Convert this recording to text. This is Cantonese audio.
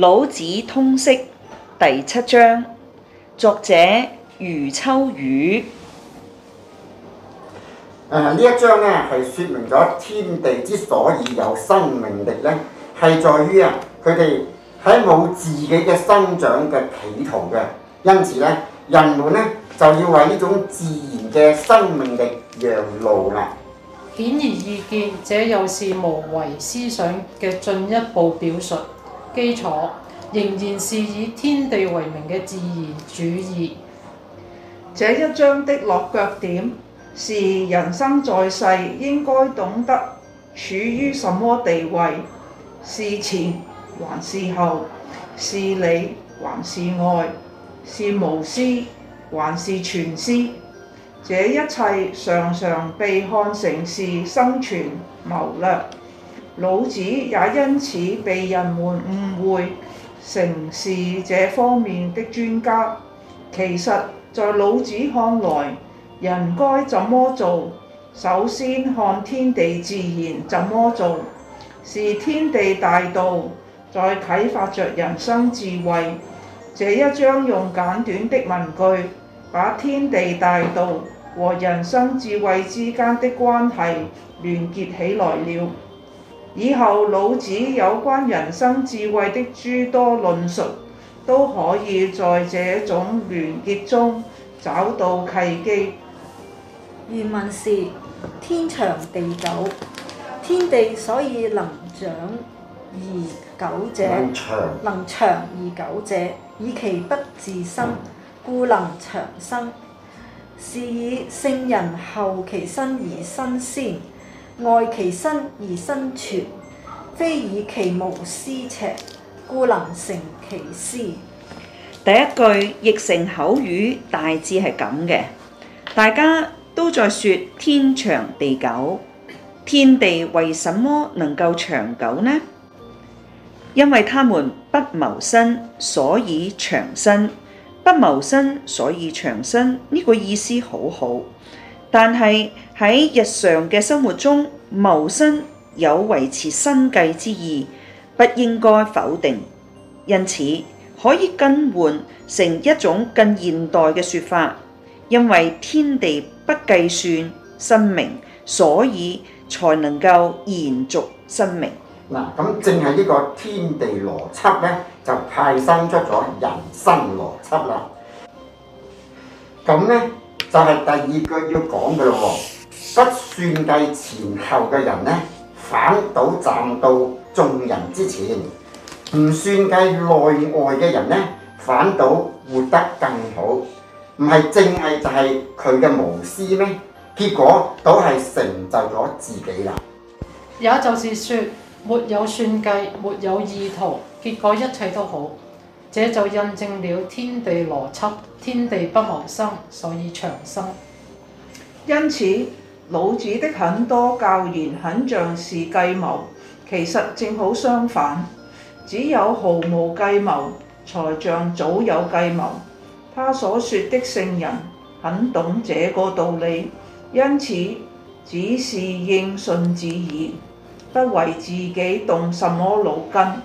老子通釋第七章，作者余秋雨。啊，呢一章呢，係説明咗天地之所以有生命力呢係在於啊佢哋喺冇自己嘅生長嘅企圖嘅，因此呢，人們呢就要為呢種自然嘅生命力讓路啦。顯而易見，這又是無為思想嘅進一步表述。基礎仍然是以天地為名嘅自然主義。這一章的落腳點是人生在世應該懂得處於什麼地位，是前還是後，是你還是愛，是無私還是全私。這一切常常被看成是生存謀略。老子也因此被人們誤會成是這方面的專家。其實在老子看來，人該怎麼做，首先看天地自然怎麼做，是天地大道在啟發着人生智慧。這一章用簡短的文句，把天地大道和人生智慧之間的關係連結起來了。以後老子有關人生智慧的諸多論述，都可以在這種聯結中找到契機。原文是：天長地久，天地所以能長而久者，能長，能長而久者，以其不自生，故能長生。是以聖人後其身而身先。愛其身而身存，非以其無私邪？故能成其私。第一句譯成口語，大致係咁嘅。大家都在説天長地久，天地為什麼能夠長久呢？因為他們不謀生，所以長生。」「不謀生，所以長生」呢個意思好好。但係喺日常嘅生活中，謀生有維持生計之意，不應該否定。因此可以更換成一種更現代嘅說法，因為天地不計算生命，所以才能夠延續生命。嗱、啊，咁正係呢個天地邏輯咧，就派生出咗人生邏輯啦。咁咧？就係第二句要講嘅咯，不算計前後嘅人呢，反倒站到眾人之前；唔算計內外嘅人呢，反倒活得更好。唔係正係就係佢嘅無私咩？結果都係成就咗自己啦。也就是說，沒有算計，沒有意圖，結果一切都好。這就印證了天地邏輯，天地不謀生，所以長生。因此，老子的很多教言很像是計謀，其實正好相反。只有毫無計謀，才像早有計謀。他所說的聖人很懂這個道理，因此只是應順自然，不為自己動什麼腦筋。